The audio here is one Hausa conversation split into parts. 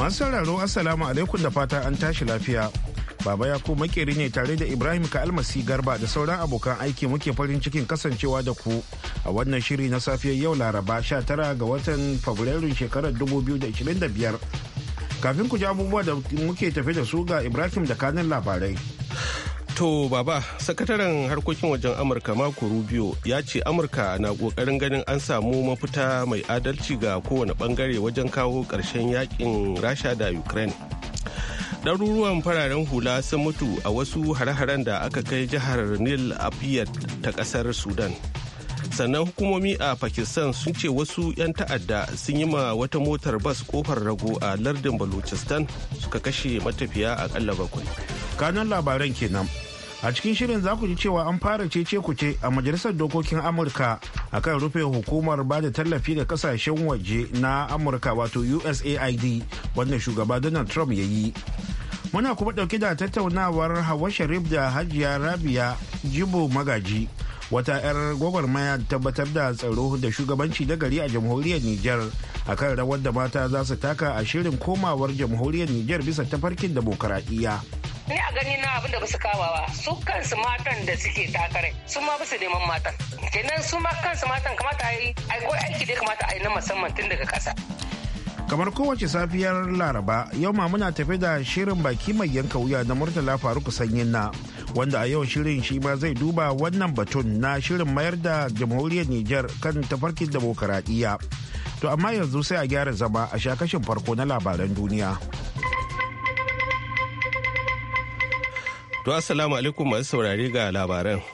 Masu sauraro Assalamu alaikum da fata an tashi lafiya. Baba Yakubu makeri ne tare da Ibrahim ka almasi Garba da sauran abokan aiki muke farin cikin kasancewa da ku a wannan shiri na safiyar yau Laraba 19 ga watan Fabrairun shekarar 2025. Kafin ku ji abubuwa da muke tafe da su ga Ibrahim da kanin labarai. To baba, sakataren harkokin wajen Amurka makuru Rubio ya ce Amurka na kokarin ganin an samu mafita mai adalci ga kowane bangare wajen kawo ƙarshen yakin Rasha da Ukraine. Ɗaruruwan fararen hula sun mutu a wasu hare-haren da aka kai jihar Nil Afiyat ta ƙasar Sudan. Sannan hukumomi a Pakistan sun ce wasu 'yan ta'adda sun yi ma wata motar bas kofar rago a lardin Balochistan suka kashe matafiya a bakwai. kanan labaran kenan a cikin shirin za ku ji cewa an fara cece kuce a majalisar dokokin amurka akan rufe hukumar ba da tallafi ga kasashen waje na amurka wato usaid wanda shugaba donald trump ya yi muna kuma dauke da tattaunawar hawa sharif da hajiya rabia jibo magaji wata 'yar gwagwarmaya tabbatar da tsaro da shugabanci da gari a jamhuriyar niger akan rawar da mata za su taka a shirin komawar jamhuriyar niger bisa tafarkin demokaradiyya ni a gani na abin da basu kawawa su kansu matan da suke takarai su ma basu neman matan kenan su ma kansu matan kamata a yi aiki da kamata a yi na musamman tun daga kasa kamar kowace safiyar laraba yau ma muna tafi da shirin baki mai yanka wuya na murtala faruk sanyin na wanda a yau shirin shi ma zai duba wannan batun na shirin mayar da jamhuriyar niger kan tafarkin demokaradiyya to amma yanzu sai a gyara zama a sha kashin farko na labaran duniya To assalamu alaikum masu saurari ga labaran.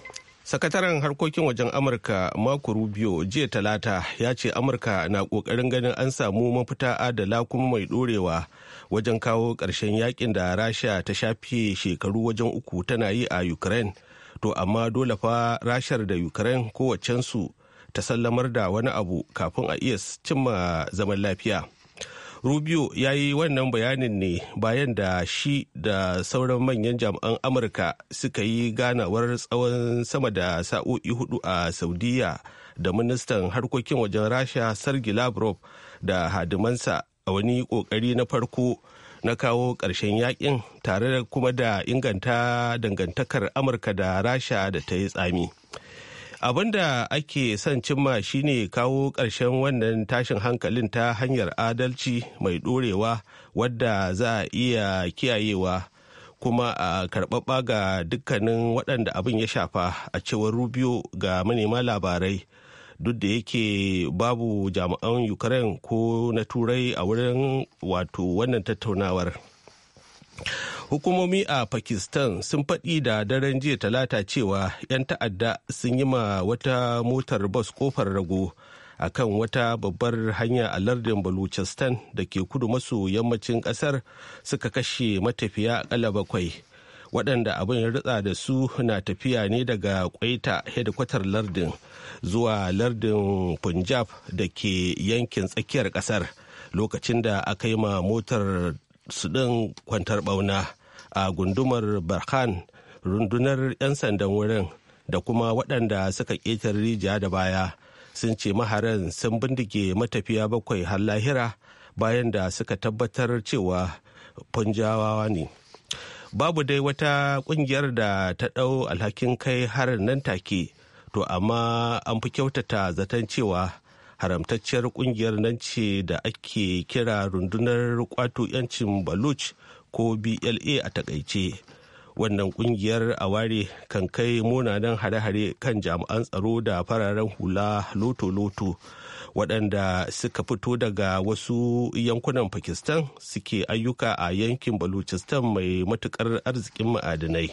Sakataren harkokin wajen Amurka Marco Rubio jiya talata ya ce Amurka na kokarin ganin an samu mafita adala kuma mai dorewa wajen kawo ƙarshen yakin da Rasha ta shafe shekaru wajen uku tana yi a Ukraine. To amma dole fa Rashar da Ukraine kowacensu ta sallamar da wani abu kafin a iya cimma zaman lafiya. rubio ya yi wannan bayanin ne bayan da shi da sauran manyan jami'an amurka suka yi ganawar tsawon sama da sa'o'i hudu a saudiya da ministan harkokin wajen rasha sergi lavrov da hadimansa a wani kokari na farko na kawo ƙarshen yakin tare da kuma da inganta dangantakar amurka da rasha da ta yi tsami. abin da ake son cimma shine kawo ƙarshen wannan tashin hankalin ta hanyar adalci mai ɗorewa wadda za a iya kiyayewa kuma a karɓaɓɓa ga dukkanin waɗanda abin ya shafa a cewar rubio ga manema labarai duk da yake babu jami'an ukraine ko na turai a wurin wato wannan tattaunawar hukumomi a pakistan sun faɗi da daren jiya talata cewa 'yan ta'adda sun yi ma wata motar bas kofar rago a kan wata babbar hanya a lardin baluchistan da ke kudu maso yammacin ƙasar suka kashe matafiya akalla bakwai waɗanda abin ya ritsa da su na tafiya ne daga kwaita hedikwatar lardin zuwa lardin punjab da ke yankin tsakiyar ƙasar lokacin da aka yi ma motar Su ɗin kwantar bauna a gundumar barhan rundunar 'yan sandan wurin da kuma waɗanda suka ƙetare rijiya da baya sun ce maharan sun bindige matafiya bakwai har lahira bayan da suka tabbatar cewa punjawawa ne babu dai wata ƙungiyar da ta ɗau alhakin kai harin nan take to amma an fi kyautata zaton cewa haramtacciyar kungiyar nan ce da ake kira rundunar kwato 'yancin baluch ko BLA a takaice. Wannan kungiyar a ware kan kai munanan hare-hare kan jami'an tsaro da fararen hula loto-loto waɗanda suka fito daga wasu yankunan Pakistan suke ayyuka a yankin Baluchistan mai matukar arzikin ma'adinai.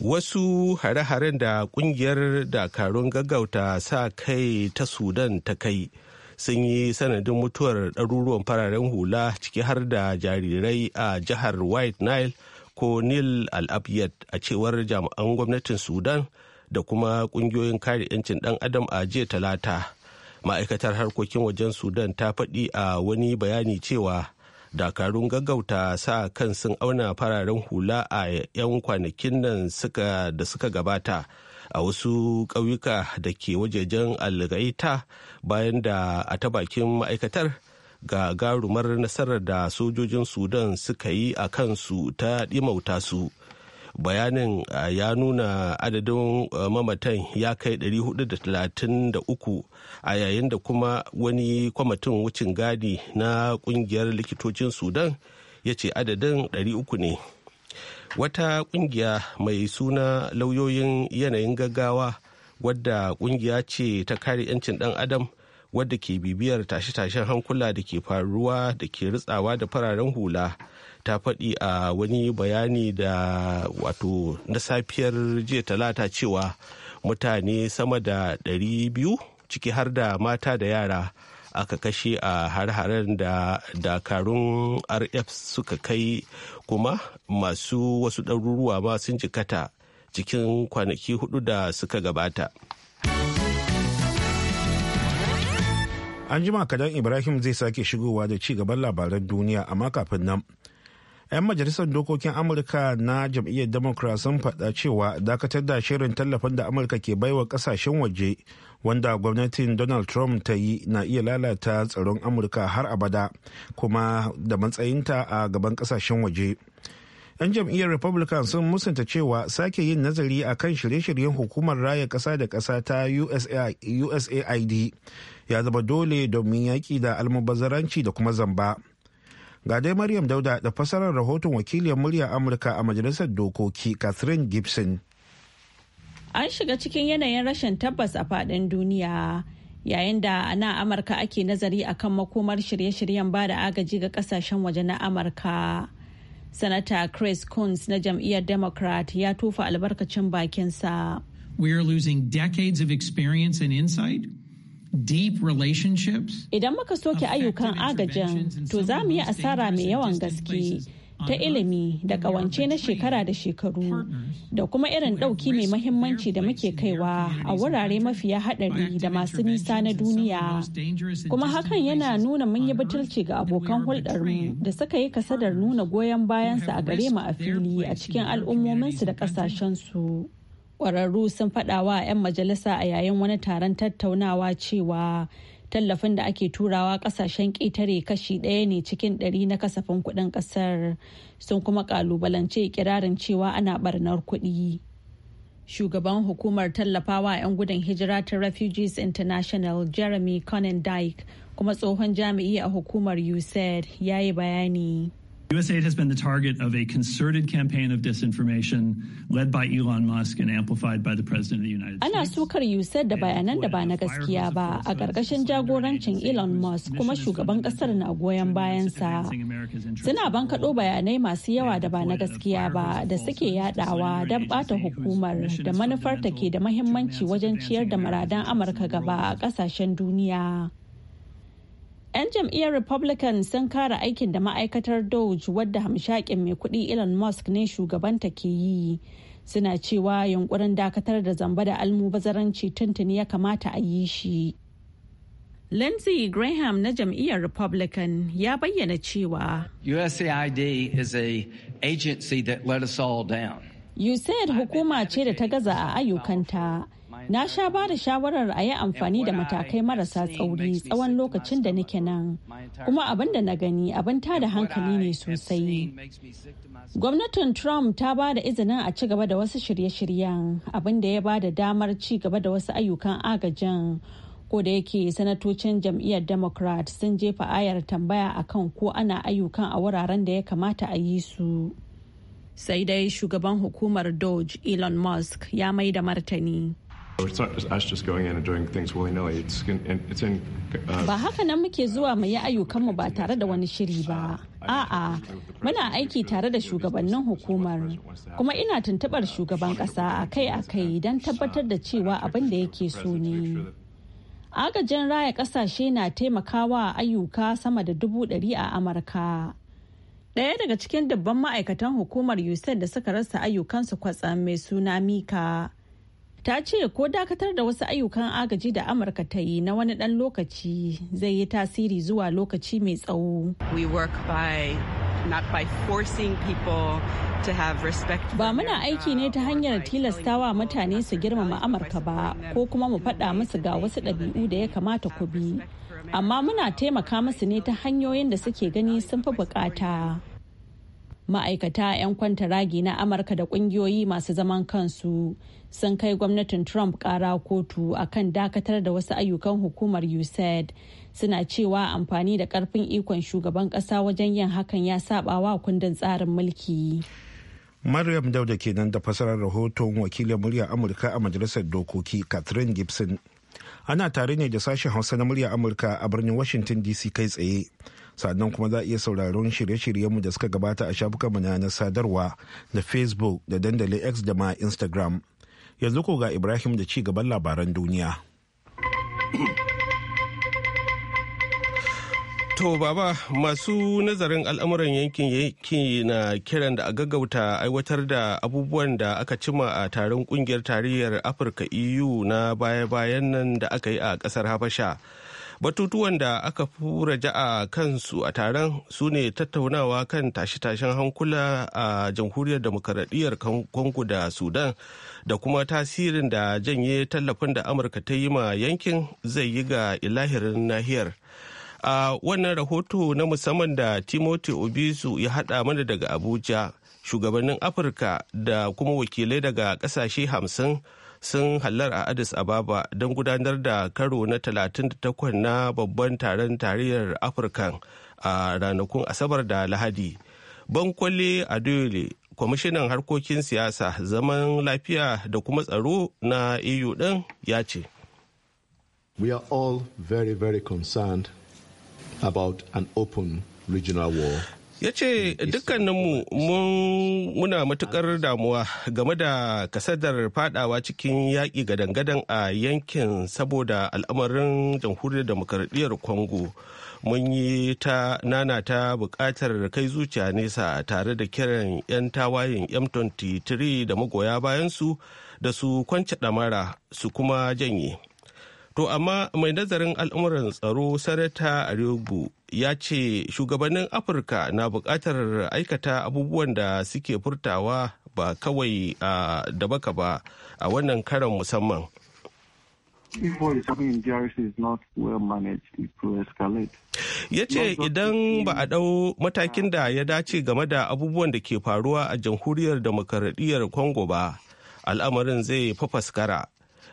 wasu hare-haren da kungiyar dakarun gaggauta sa kai ta sudan ta kai sun yi sanadin mutuwar ɗaruruwan fararen hula ciki har da jarirai a jihar white nile ko nil al-abyad a cewar jami'an gwamnatin sudan da kuma ƙungiyoyin kare 'yancin ɗan adam a jiya talata ma'aikatar harkokin wajen sudan ta faɗi a wani bayani cewa dakarun gaggauta sa kan sun auna fararen hula a 'yan kwanakin nan da suka gabata a wasu ƙauyuka da ke wajejen algaita bayan da a ta bakin ma'aikatar ga garumar nasarar da sojojin sudan suka yi a kansu ta ɗimauta su bayanin ya nuna adadin mamatan ya kai 433 a yayin da kuma wani kwamitin wucin gadi na kungiyar likitocin sudan ya ce adadin 300 ne wata kungiya mai suna lauyoyin yanayin gaggawa wadda kungiya ce ta kare 'yancin dan adam wadda ke bibiyar tashe-tashen hankula da ke faruwa da ke ritsawa da fararen hula ta faɗi a wani bayani da wato na safiyar jiya talata cewa mutane sama da 200 ciki har da mata da yara aka kashe a har-haren da dakarun rf suka kai kuma masu wasu ɗaruruwa ma sun jikata cikin kwanaki hudu da suka gabata an jima kadan ibrahim zai sake shigowa da ci gaban labaran duniya amma kafin nan 'yan majalisar dokokin amurka na jam'iyyar democrat sun faɗa cewa dakatar da shirin tallafin da amurka ke baiwa ƙasashen waje wanda gwamnatin donald trump ta yi na iya lalata tsaron amurka har abada kuma da matsayinta a gaban ƙasashen waje 'yan jam'iyyar republican sun musanta cewa sake yin nazari a kan shirye-shiryen hukumar raya ƙasa da ƙasa ta usaid ya zama dole domin yaƙi da almubazzaranci da kuma zamba. Ga dai Maryam Dauda da fasarar rahoton wakiliyar muryar Amurka a Majalisar Dokoki Catherine Gibson. An shiga cikin yanayin rashin tabbas a fadin duniya. Yayin da a Amurka ake nazari akan makomar shirye-shiryen ba da agaji ga kasashen waje na Amurka. Sanata Chris Coons na jam'iyyar Democrat ya tofa albarkacin bakinsa. We are losing decades of experience and insight. deep relationships. Idan muka soke ayyukan agajin, to za mu yi asara mai yawan gaske ta ilimi da ƙawance na shekara da shekaru da kuma irin ɗauki mai mahimmanci da muke kaiwa a wurare mafiya haɗari da masu nisa na duniya. Kuma hakan yana nuna mun yi butulci ga abokan hulɗarmu da suka yi kasadar nuna goyon bayansu a gare mu a fili a cikin al'ummominsu da ƙasashensu. kwararru sun wa 'yan majalisa a yayin wani taron tattaunawa cewa tallafin da ake turawa kasashen ƙetare kashi ɗaya ne cikin ɗari na kasafin kuɗin ƙasar sun kuma ƙalubalance kirarin cewa ana ɓarnar kuɗi. shugaban hukumar tallafawa 'yan gudun hijira ta refugees international jeremy conan dyke kuma tsohon jami'i a hukumar usaid ya yi bayani USAID has been the target of a concerted campaign of disinformation led by Elon Musk and amplified by the President of the United States. Ana sukar USAID da bayanan da ba na gaskiya ba a ƙarƙashin jagorancin Elon Musk kuma shugaban ƙasar na goyon bayansa. Suna bankaɗo bayanai masu yawa da ba na gaskiya ba da suke yadawa don ɓata hukumar da manufarta ke da mahimmanci wajen ciyar da maradan Amurka gaba a ƙasashen duniya. 'Yan jam'iyyar Republican sun kara aikin da ma'aikatar Doge wadda hamshakin mai kuɗi Elon Musk ne shugabanta ke yi. Suna cewa yunkurin dakatar da zamba da almubazaranci tuntuni ya kamata a yi shi. Lindsey Graham na jam'iyyar Republican ya bayyana cewa USAID is a agency that let us all down. USAID hukuma ce da ta gaza a ayyukanta. Na sha ba da shawarar a yi amfani da matakai marasa tsauri tsawon lokacin da nake nan, kuma abin da na gani abin tada hankali ne sosai. Gwamnatin Trump ta ba da izinin a ci gaba da wasu shirye-shiryen abin da ya ba da damar ci gaba da wasu ayyukan agajin. ko da yake sanatocin jam'iyyar democrat sun jefa ayar tambaya akan ko ana ayyukan a wuraren da ya kamata a yi su sai dai shugaban hukumar doge elon musk ya mai da martani Ba haka nan muke zuwa mu yi ayyukanmu ba tare da wani shiri ba. A'a, muna aiki tare da shugabannin hukumar, kuma ina tuntubar shugaban ƙasa akai-akai don tabbatar da cewa abin da yake so ne. Agajin raya ƙasashe na taimakawa ayyuka sama da dubu ɗari a Amurka. Ɗaya daga cikin dubban ma'aikatan hukumar USAID da suka rasa ayyukansu kwatsam mai suna Mika. ta ce ko dakatar da wasu ayyukan agaji da amurka ta yi na wani dan lokaci zai yi tasiri zuwa lokaci mai tsawo Ba muna aiki ne ta uh, hanyar tilastawa mutane su girmama Amurka ba ko kuma mu faɗa musu ga wasu ɗabi'u da ya kamata ku bi. Amma muna taimaka musu ne ta hanyoyin da suke gani sun fi bukata. ma'aikata 'yan kwantaragi na amurka da kungiyoyi masu zaman kansu sun kai gwamnatin trump kara kotu akan dakatar da wasu ayyukan hukumar usaid suna cewa amfani da karfin ikon shugaban kasa wajen yin hakan ya saba wa kundin tsarin mulki maryam dauda kenan da fasarar rahoton wakilin murya amurka a majalisar dokoki catherine gibson ana tare ne da sashen hausa na murya amurka a birnin washington dc kai tsaye sannan kuma za a iya sauraron shirye-shiryenmu da suka gabata a shafukan na sadarwa da facebook da dandalin x da ma instagram yanzu ko ga ibrahim da ci gaban labaran duniya To baba masu nazarin al'amuran yankin yanki na kiran da a gaggauta aiwatar da abubuwan da aka cima a taron kungiyar tarayyar Afirka EU na baya-bayan nan da aka yi a kasar Habasha. batutuwan da aka fura ja'a kansu a taron su ne tattaunawa kan tashe-tashen hankula a jamhuriyar demokaradiyyar kongo da sudan da kuma tasirin da janye tallafin da amurka ta yi ma yankin zai yi ga ilahirin nahiyar a wannan rahoto na musamman da timothy obisu ya hada mana daga abuja shugabannin afirka da kuma wakilai daga kasashe hamsin sun hallar a addis ababa don gudanar da karo na 38 na babban taron tariyar afirka a ranakun asabar da lahadi bankwale adoyle kwamishinan harkokin siyasa zaman lafiya da kuma tsaro na eu din ya ce we are all very very concerned about an open regional war ya ce dukkaninmu muna matukar damuwa game da kasadar fadawa cikin yaƙi gadangadan a yankin saboda al'amarin jamhuriyar demokaradiyyar congo mun yi ta nana ta buƙatar kai zuciya nesa tare da kiran 'yan tawayin m23 da magoya bayansu da su kwance ɗamara su kuma janye To amma mai nazarin al'amuran tsaro Sarata Ariobu ya ce shugabannin Afirka na buƙatar aikata abubuwan da suke furtawa ba kawai da baka ba a wannan karan musamman. Ya ce idan ba a ɗau matakin da ya dace game da abubuwan da ke faruwa a jamhuriyar demokaradiyyar Kongo ba, al'amarin zai fafaskara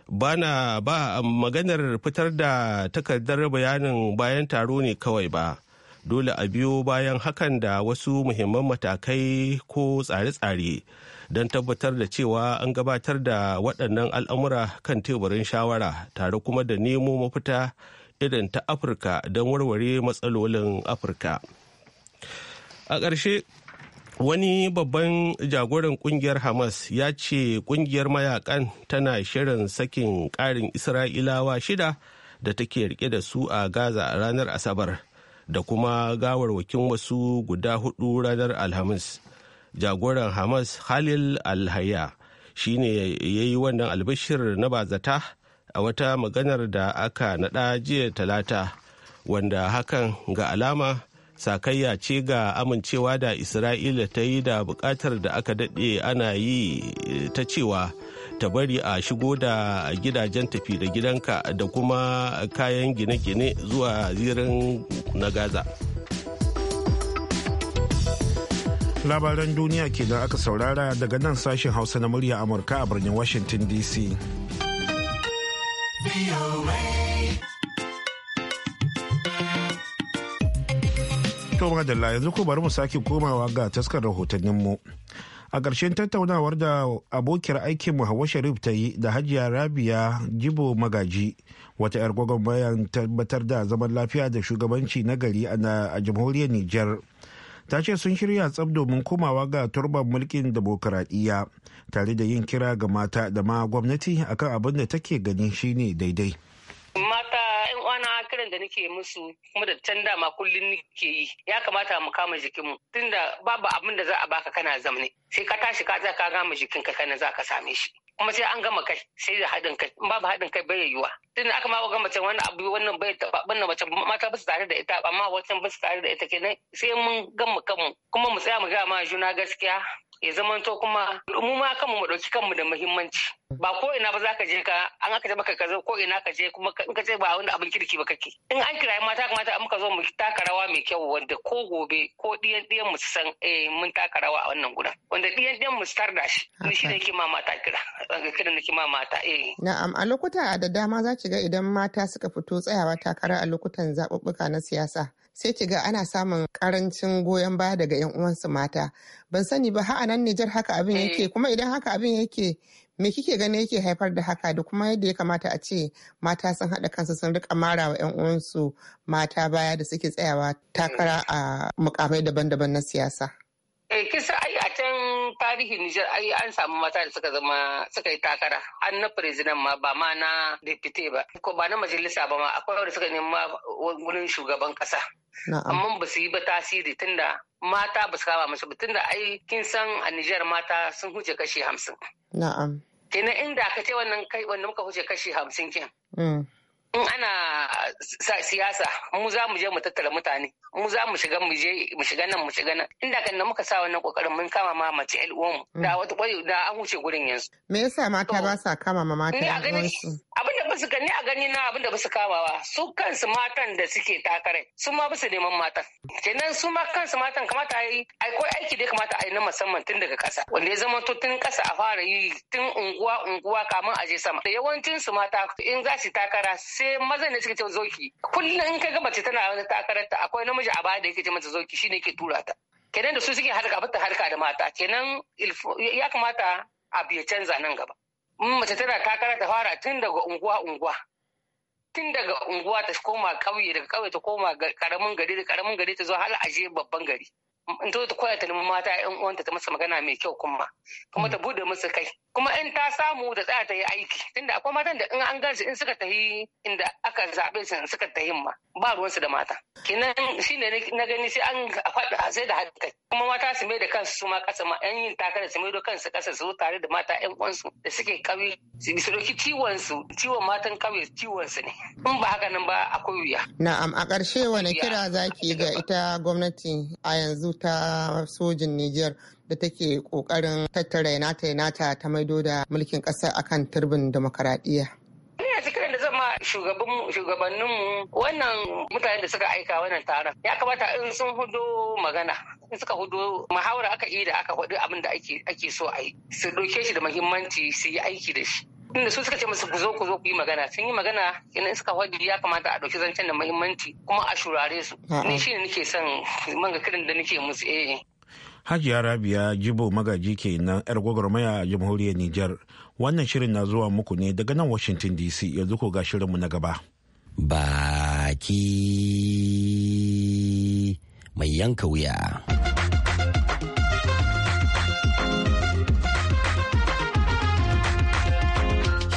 bana ba maganar fitar da takardar bayanin bayan taro ne kawai ba dole a biyo bayan hakan da wasu muhimman matakai ko tsare-tsare don tabbatar da cewa an gabatar da waɗannan al'amura kan teburin shawara tare kuma da nemo mafita irin ta afirka don warware matsalolin afirka a ƙarshe wani babban jagoran kungiyar hamas ya ce kungiyar mayakan tana shirin sakin karin isra'ilawa shida da take rike da su a gaza a ranar asabar da kuma gawarwakin wasu guda hudu ranar alhamis jagoran hamas halil alhaya shi ne ya yi wannan albashir na bazata a wata maganar da aka naɗa jiya talata wanda hakan ga alama sakayya ce ga amincewa da isra'ila ta yi da bukatar da aka daɗe ana yi e, ta cewa ta bari a shigo da gidajen tafi da gidanka da kuma kayan gine-gine zuwa zirin na gaza labaran duniya kenan aka saurara daga nan sashen hausa na murya amurka a birnin washington dc To la yanzu ko bari mu sake komawa ga taskar rahotanninmu. A ƙarshen tattaunawar da abokiyar aikin mu Hauwa Sharif ta yi da Hajiya Rabia Jibo Magaji wata 'yar gwagwarmayar tabbatar da zaman lafiya da shugabanci na gari a jamhuriyar Nijar. Ta ce sun shirya tsab domin komawa ga turban mulkin demokuraɗiyya tare da yin kira ga mata da ma gwamnati akan abin da take gani shine daidai. Mata 'yan uwana kiran da nake musu kuma da can dama kullum nake yi ya kamata mu kama jikinmu tunda babu abin da za a baka kana zamne sai ka tashi ka za ka gama jikinka kana za ka same shi kuma sai an gama kai sai da haɗin kai babu haɗin kai bai yiwuwa tun aka ma ga mace wannan abu wannan bai taɓa wannan mace mata ba su tare da ita amma wancan ba su tare da ita kenan sai mun gama kanmu kuma mu tsaya mu gaya ma juna gaskiya ya zamanto kuma mu ma kanmu mu ɗauki kanmu da muhimmanci ba ko ina ba zaka je ka an aka baka ka zo ko ina ka je kuma in ka ce ba wanda abin kirki ba kake in an kira mata kamata an muka zo mu taka rawa mai kyau wanda ko gobe ko diyan diyan mu san eh mun taka rawa a wannan gudan wanda diyan diyan mu tar da shi ni shi nake ma mata kira kiran nake ma mata eh na'am a lokuta da dama za ki ga idan mata suka fito tsayawa takara a lokutan zaɓuɓɓuka na siyasa sai ki ga ana samun karancin goyon baya daga yan uwansu mata ban sani ba ha nan Nijar haka abin eh. yake kuma idan haka abin yake me kike gani yake haifar da haka da kuma yadda ya kamata a ce mata sun haɗa kansu sun rika mara wa yan uwansu mata baya da suke tsayawa takara hmm. a mukamai daban-daban na siyasa tarihi Nijar ai an samu mata da suka zama suka yi takara an na president ma ba ma na deputy ba ko ba na majalisa ba ma akwai wanda suka nema wurin shugaban kasa amma ba su yi ba tasiri tunda mata ba su kama musu ba tunda ai kin san a Nijar mata sun huce kashi hamsin. Na'am. Kenan inda ka ce wannan kai wannan muka huce kashi hamsin kin. Mm. in ana sa siyasa mu za mu je mu tattara mutane mu za mu shiga mu je mu shiga nan mu shiga nan inda kan da muka sa wannan kokarin mun kama ma mace ƴan mu. da mm. wata kwai da an wuce gurin yanzu me yasa mata ba sa kama ma mata a gani abin da basu gani a gani na abin da basu kama ba su kansu matan da suke takarai su ma basu neman matan kenan su ma kansu matan kamata a yi ko aiki da kamata a yi na musamman tun daga ƙasa wanda ya zama to tun ƙasa a fara yi tun unguwa unguwa kamar a je sama da yawancin su mata in za su takara sai mazan ne suka ce zoki kullum in ka ga mace tana wani takararta akwai namiji a baya da yake ce mata zoki shine ke tura ta kenan da su suke harka bata harka da mata kenan ya kamata a biya canza nan gaba mace tana takara ta fara tun daga unguwa unguwa tun daga unguwa ta koma kauye daga kauye ta koma karamin gari da karamin gari ta zo hal aje babban gari in ta koya ta nemi mata yan uwanta ta masa magana mai kyau kuma kuma ta mm. bude musu kai kuma in ta samu da tsaya ta yi aiki tunda akwai matan da in an gaji in suka tafi inda aka zaɓe su in suka tafi ma ba ruwansu da mata kenan shine na gani sai an faɗi a sai da kai. kuma mata su mai da kansu su ma ƙasa ma yan yin takara su mai da kansu ƙasa su tare da mata yan uwansu da suke ƙauye su ɗauki ciwon su ciwon matan ƙauye ciwon su ne in ba haka nan ba akwai wuya na'am a ƙarshe wani kira zaki ga ita gwamnati a yanzu ta sojin Nijar da take kokarin tattara ta 'yana ta maido da mulkin ƙasa akan turbin demokaradiyya. Ina cikin da zama shugabanninmu wannan mutane da suka aika wannan taron ya kamata in sun hudo magana in suka hudo mahaura aka yi da aka hudu abin da ake so a yi su doke shi da muhimmanci su yi aiki da shi. inda su suka ce musu ku zo ku zo ku yi magana sun yi magana ina iska faɗi ya kamata a ɗauki zancen da mahimmanci kuma a shurare su ni shi ne nake son manga kirin da nake musu eh Hajiya Rabia Jibo Magaji nan 'yar gwagwarmaya a jamhuriyar Nijar. Wannan shirin na zuwa muku ne daga nan Washington DC yanzu ko ga shirinmu na gaba. Baki mai yanka wuya.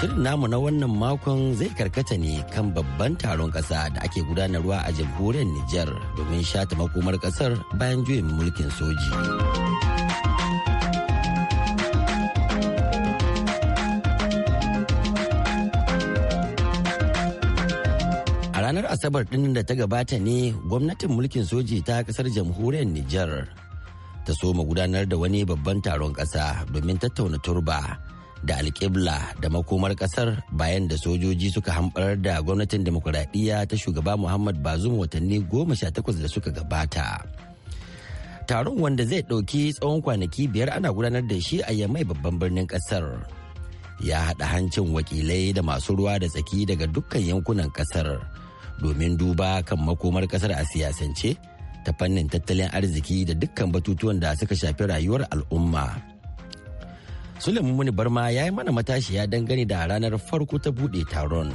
shirin namu na wannan makon zai karkata ne kan babban taron kasa da ake gudanarwa a jamhuriyar Nijar domin shata makomar kasar bayan juyin mulkin soji. A ranar Asabar ɗin da ta gabata ne gwamnatin mulkin soji ta ƙasar jamhuriyar Nijar ta soma gudanar da wani babban taron ƙasa domin tattauna turba. da alƙibla da makomar ƙasar bayan da sojoji suka hamɓarar da gwamnatin demokuraɗiyya ta shugaba muhammad bazum watanni goma sha takwas da suka gabata taron wanda zai ɗauki tsawon kwanaki biyar ana gudanar da shi a yamai babban birnin ƙasar ya haɗa hancin wakilai da masu ruwa da tsaki daga dukkan yankunan ƙasar domin duba kan makomar ƙasar a siyasance ta fannin tattalin arziki da dukkan batutuwan da suka shafi rayuwar al'umma. Suleiman Muni Barma ya yi mana matashi ya dangane da ranar farko ta bude taron.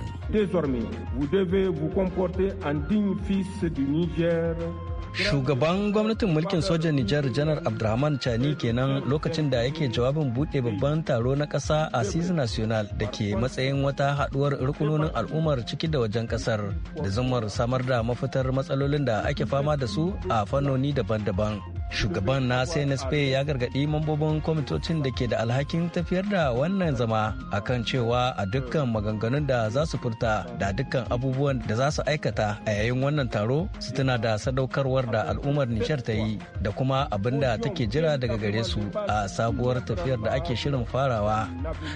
shugaban gwamnatin mulkin sojan Nijar janar Abdurrahman Chani kenan lokacin da yake jawabin bude babban taro na ƙasa a cis National da ke matsayin wata haɗuwar rukunonin al'ummar ciki da wajen ƙasar da zumar samar da mafitar matsalolin da ake fama da su a fannoni daban-daban. shugaban na cnsp ya gargaɗi mambobin kwamitocin da ke da alhakin tafiyar da wannan zama akan cewa a dukkan maganganun da za su furta da dukkan abubuwan da za su aikata a yayin wannan taro su tuna da sadaukarwar da al'ummar nishar ta yi da kuma abin da take jira daga gare su a sabuwar tafiyar da ake shirin farawa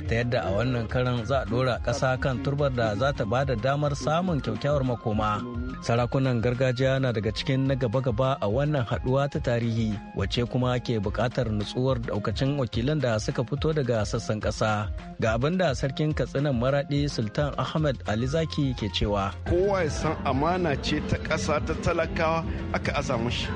ta yadda a wannan karan za a dora ƙasa kan turbar da za ta ba da damar samun kyaukyawar makoma sarakunan gargajiya na daga cikin na gaba-gaba a wannan haɗuwa ta tarihi aiki wacce kuma ke buƙatar nutsuwar daukacin wakilan da suka fito daga sassan ƙasa ga abin da sarkin katsinan maraɗi sultan ahmed alizaki ke cewa kowa ya san amana ce ta ƙasa ta talakawa aka aza mushi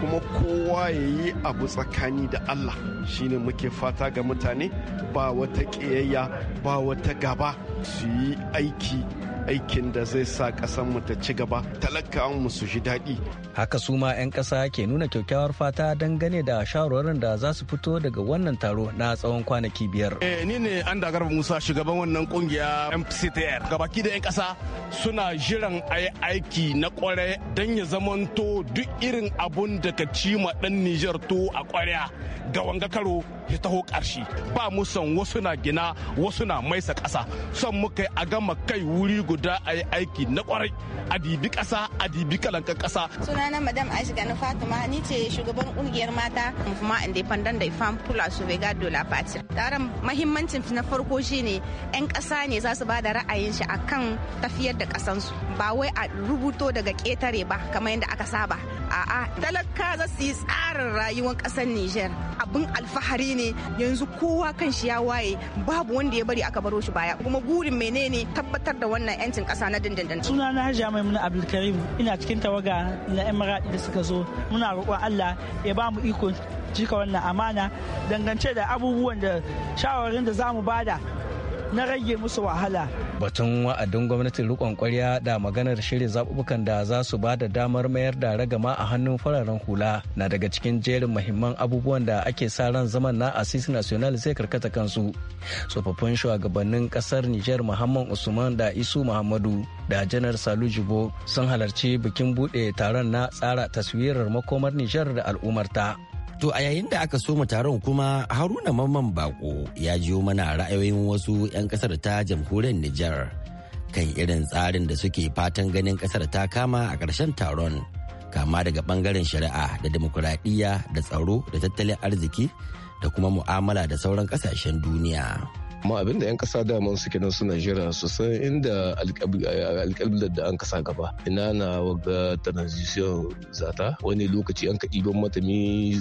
kuma kowa ya yi abu tsakani da allah shine muke fata ga mutane ba wata ƙiyayya ba wata gaba su yi aiki aikin da zai sa mu ta ci gaba talakawanmu su ji daɗi. Haka su 'yan ƙasa ke nuna kyakkyawar fata dangane da shawarwarin da za su fito daga wannan taro na tsawon kwanaki biyar. Eh, ni ne an da garba Musa shugaban wannan kungiya MCTR. Gabaki da 'yan kasa suna jiran a aiki na ƙware don ya zamanto duk irin abun da ka ci ma ɗan Nijar to a kwarya ga wanga karo ya taho ƙarshe ba mu san wasu na gina wasu na maisa ƙasa son muka a gama kai wuri guda da a yi aiki na kwarai a dibi kasa a dibi kalankan kasa sunana madam aisha gani fatima ni ce shugaban ƙungiyar mata kuma independent da ifan pula su bai ga dola party taron mahimmancin na farko shine 'yan ƙasa ne za su ba da ra'ayin shi akan tafiyar da ƙasansu ba wai a rubuto daga ƙetare ba kamar yadda aka saba a'a talaka za su yi tsarin rayuwar ƙasar Nijar abin alfahari ne yanzu kowa kan shi ya waye babu wanda ya bari aka baro shi baya kuma gurin menene tabbatar da wannan yancin ƙasa na dindindin suna na Hajiya Maimuna Abdulkarim ina cikin tawaga na Emirati da suka zo muna roƙon Allah ya ba mu iko cika wannan amana dangance da abubuwan da shawarin da za mu bada na rage musu wahala. Batun wa'adin gwamnatin rikon kwarya da maganar shirin zaɓuɓɓukan da za su ba da damar mayar da ragama a hannun fararen hula na daga cikin jerin mahimman abubuwan da ake sa ran zaman na asisi national zai karkata kansu. Tsofaffin shugabannin ƙasar Nijar Muhammad Usman da Isu Muhammadu da Janar Salu Jibo sun halarci bikin buɗe taron na tsara taswirar makomar Nijar da al'ummarta. To a yayin da aka soma taron kuma Haruna Mamman Bako ya jiyo mana ra'ayoyin wasu 'yan kasar ta jamhuriyar Nijar kan irin tsarin da suke fatan ganin kasar ta kama a ƙarshen taron kama daga ɓangaren shari'a da demokuraɗiyya da tsaro da tattalin arziki da kuma mu'amala da sauran ƙasashen duniya. amma abinda 'yan kasa daman suke nan su jira su san inda alƙalbilar da an kasa gaba ina na waga transition zata wani lokaci an kaɗi ban mata mi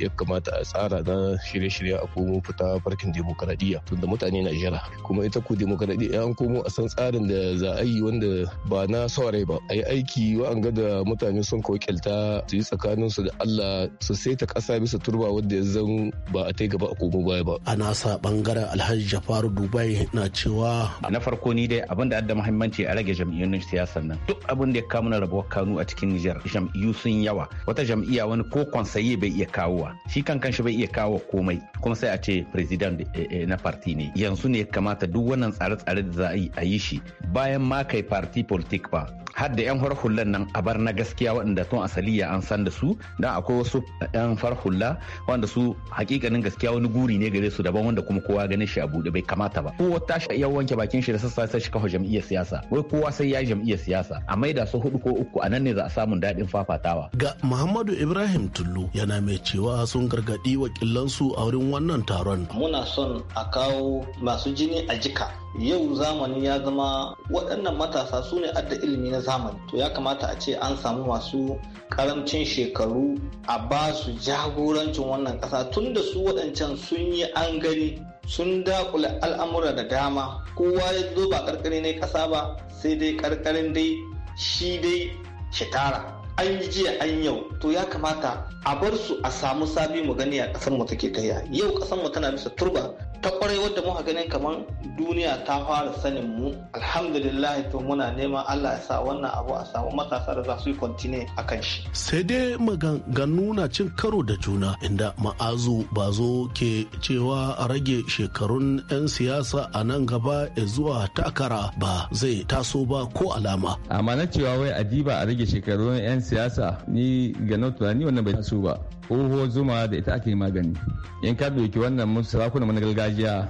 ya kamata a tsara na shirye-shirye a komo fita farkin demokaradiyya tunda mutane na jira kuma ita ko demokaradiyya an komo a san tsarin da za a yi wanda ba na saurayi ba a yi aiki wa'anga da mutane sun kokilta su yi tsakaninsu da Allah su ta kasa bisa turba wanda ya zan ba a ta gaba a komo baya ba. A sa ɓangaren alhaji jafaru dubai na cewa na farko ni dai abin da adda muhimmanci a rage jam'iyyun siyasar nan duk abin da ya kawo mana rabuwar kanu a cikin nijar jam'iyyu sun yawa wata jam'iyya wani ko konsaye bai iya kawowa shi kan kanshi bai iya kawo komai kuma sai a ce president eh, eh, na parti ne yanzu ne ya kamata duk wannan tsare-tsare da za a yi shi bayan ma kai parti politik ba har da 'yan farhullan nan a bar na gaskiya waɗanda tun asali ya an san da su dan akwai wasu 'yan farhulla wanda su hakikanin gaskiya wani guri ne gare su daban wanda kuma kowa ganin shi a buɗe bai kamata ba Ko wata shi iya wanke bakin shi da sassa sai shi kafa jam'iyyar siyasa wai kowa sai ya jam'iyyar siyasa a maida su hudu ko uku a nan ne za a samu daɗin fafatawa ga muhammadu ibrahim tullu yana mai cewa sun gargaɗi su a wurin wannan taron muna son a kawo masu jini a jika yau zamani ya zama waɗannan matasa su ne adda ilimi na zamani to ya kamata a ce an samu masu karamcin shekaru a ba su jagorancin wannan ƙasa tun da su waɗancan sun yi an gani sun dakula al'amura da dama kowa ya zo ba karkare ne ƙasa ba sai dai karkarin dai shi dai shi tara an yi jiya an yau to ya kamata a bar su a samu sabi mu gani a kasar mu take kai yau kasar mu tana bisa turba ta kwarai wadda muka ganin kamar duniya ta fara sanin mu alhamdulillah to muna neman Allah ya sa wannan abu a samu matasa da za su yi kontine a kan shi sai dai maganganu na cin karo da juna inda ma'azu ba zo ke cewa a rage shekarun 'yan siyasa a nan gaba ya zuwa takara ba zai taso ba ko alama amma na cewa wai adiba a rage shekarun 'yan siyasa ni ga tunani wannan bai taso ba ko zuma da ita ake magani in ka doki wannan sarakuna na gargajiya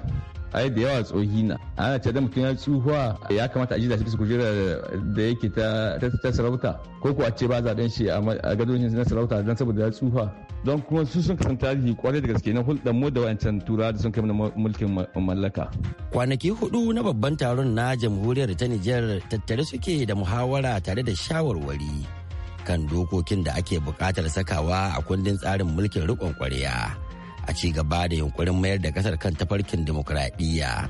ai da yawa tsohi na ana ce da mutum ya tsuhuwa ya kamata a ji zashi kujera da yake ta sarauta ko ko a ce ba zaben shi a gadon shi na sarauta don saboda ya tsuhuwa don kuma su sun kasance tarihi kwarai da gaske na hulɗar mu da wancan tura da sun kai mulkin mallaka kwanaki hudu na babban taron na jamhuriyar ta Nijar tattare suke da muhawara tare da shawarwari kan dokokin da ake buƙatar sakawa a kundin tsarin mulkin riƙon ƙwarya a ci gaba da yunkurin mayar da ƙasar kan tafarkin dimokuraɗiyya.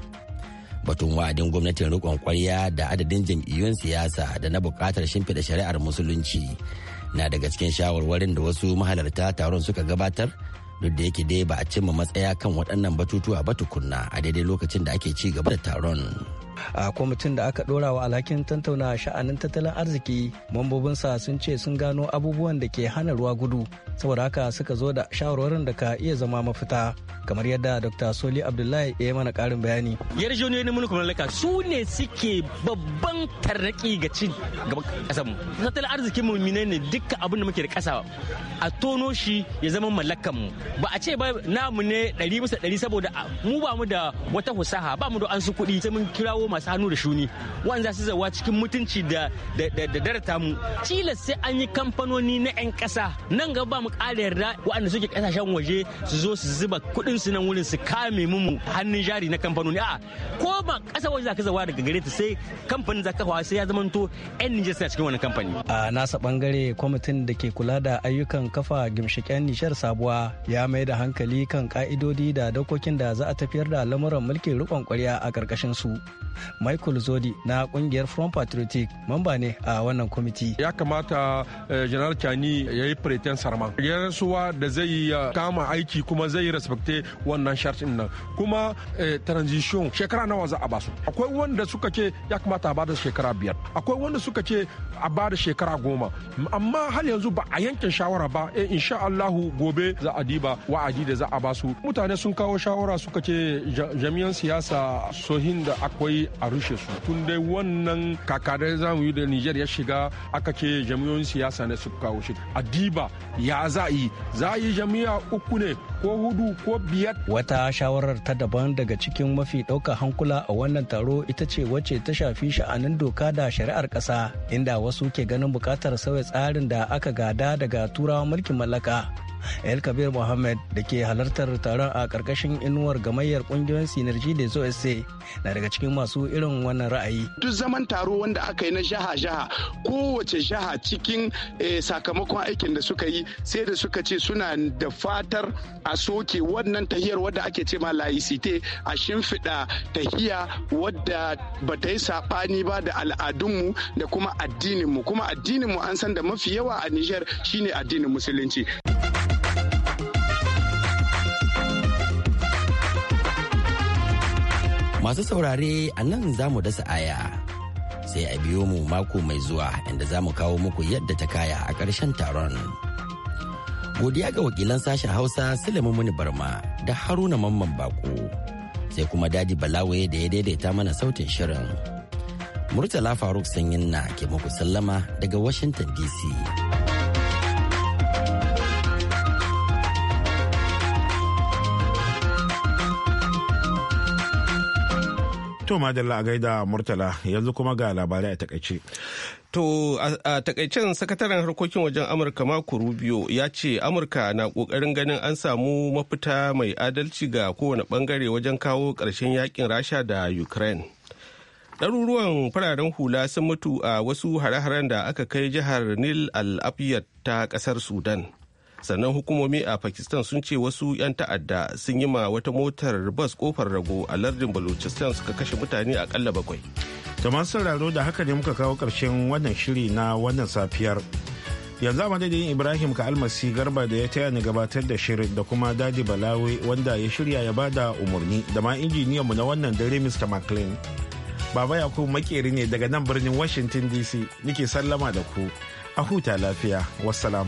Batun wa'adin gwamnatin riƙon ƙwarya da adadin jam'iyyun siyasa da na buƙatar shimfiɗa shari'ar musulunci na daga cikin shawarwarin da wasu mahalarta taron suka gabatar duk da yake dai ba a cimma matsaya kan waɗannan batutuwa ba tukunna a daidai lokacin da ake ci gaba da taron. a kwamitin da aka ɗora wa alhakin tantauna sha'anin tattalin arziki mambobinsa sun ce sun gano abubuwan da ke hana ruwa gudu saboda haka suka zo da shawarwarin da ka iya zama mafita kamar yadda dr soli abdullahi ya yi mana ƙarin bayani yarjejeniyoyin mulkin mallaka su ne suke babban tarraki ga cin gaban ƙasar mu tattalin arzikin mu ne dukkan abin da muke da ƙasa a tono shi ya zama mallakan mu ba a ce ba namu ne 100 bisa 100 saboda mu ba mu da wata husaha ba mu da an su kuɗi sai mun kirawo masu hannu da shuni wanda su zawa cikin mutunci da darata mu tilas sai an yi kamfanoni na 'yan kasa nan gaba ba mu ƙara yarda waɗanda suke ƙasashen waje su zo su zuba kuɗin su nan wurin su kame mu hannun jari na kamfanoni a ko ba ƙasa waje za ka zawa daga gare ta sai kamfanin za ka sai ya zamanto 'yan Nijar suna cikin wannan kamfani. A nasa bangare kwamitin da ke kula da ayyukan kafa gimshiƙen nishar sabuwa ya mai da hankali kan ka'idodi da dokokin da za a tafiyar da lamuran mulkin riƙon kwarya a karkashin su. michael zodi na kungiyar front patriotic mamba ne a wannan kwamiti ya kamata eh, general chani ya yi pretend sarma suwa da zai eh, kama aiki kuma zai respecte wannan shartin nan kuma eh, transition shekara nawa za a basu akwai wanda suka ce ya kamata a bada shekara biyar akwai wanda suka ce a bada shekara goma amma hal yanzu ba a yanke shawara ba e insha Allahu gobe za a diba wa'adi da za a basu mutane sun kawo shawara suka ce jami'an siyasa sohin da akwai a rushe su tun dai wannan kakadai za mu yi da niger ya shiga aka ce jami'oyin siyasa ne su kawo shi a diba ya za yi za yi jami'a uku ne ko hudu ko biyar. Wata shawarar ta daban daga cikin mafi ɗaukar hankula a wannan taro ita ce wacce ta shafi sha'anin doka da shari'ar ƙasa inda wasu ke ganin buƙatar sauya tsarin da aka gada daga turawa mulkin mallaka. El Kabir Mohammed da ke halartar taron a ƙarƙashin inuwar gamayyar ƙungiyoyin Sinarji da ZOSA na daga cikin masu irin wannan ra'ayi. Duk zaman taro wanda aka yi na jaha-jaha kowace jaha cikin eh, sakamakon aikin da suka yi sai da suka ce suna da fatar a a soke wannan tahiyar wadda ake ce ma laicite a shimfiɗa tahiya wadda ba ta yi saɓani ba da al'adunmu da kuma addininmu kuma addininmu an san da mafi yawa a Nijar shine addinin musulunci. Masu saurare a nan za mu dasa aya sai a biyo mu mako mai zuwa inda za mu kawo muku yadda ta kaya a ƙarshen taron. Godiya ga wakilan sashen Hausa Sulaiman Muni Barma da Haruna Mamman Bako. Sai kuma Dadi Balawaye da ya daidaita mana sautin shirin. Murtala Faruk Sanyin na ke muku sallama daga Washington DC. To madalla a gaida Murtala yanzu kuma ga labarai a takaice. To a takaicen sakataren harkokin wajen Amurka mako Rubio ya ce Amurka na kokarin ganin an samu mafita mai adalci ga kowane bangare wajen kawo ƙarshen yakin Rasha da Ukraine. Ɗaruruwan fararen hula sun mutu a wasu hare-haren da aka kai jihar Nil al ta ƙasar Sudan. sannan hukumomi a pakistan sun ce wasu 'yan ta'adda sun yi ma wata motar bas kofar rago a lardin balochistan suka kashe mutane akalla bakwai da masu sauraro da haka ne muka kawo karshen wannan shiri na wannan safiyar yanzu a madadin ibrahim ka almasi garba da ya taya ni gabatar da shirin da kuma dadi balawe wanda ya shirya ya bada umarni da ma injiniyan mu na wannan dare mr mclean baba yakubu makeri ne daga nan birnin washington dc nike sallama da ku a huta lafiya wasalam.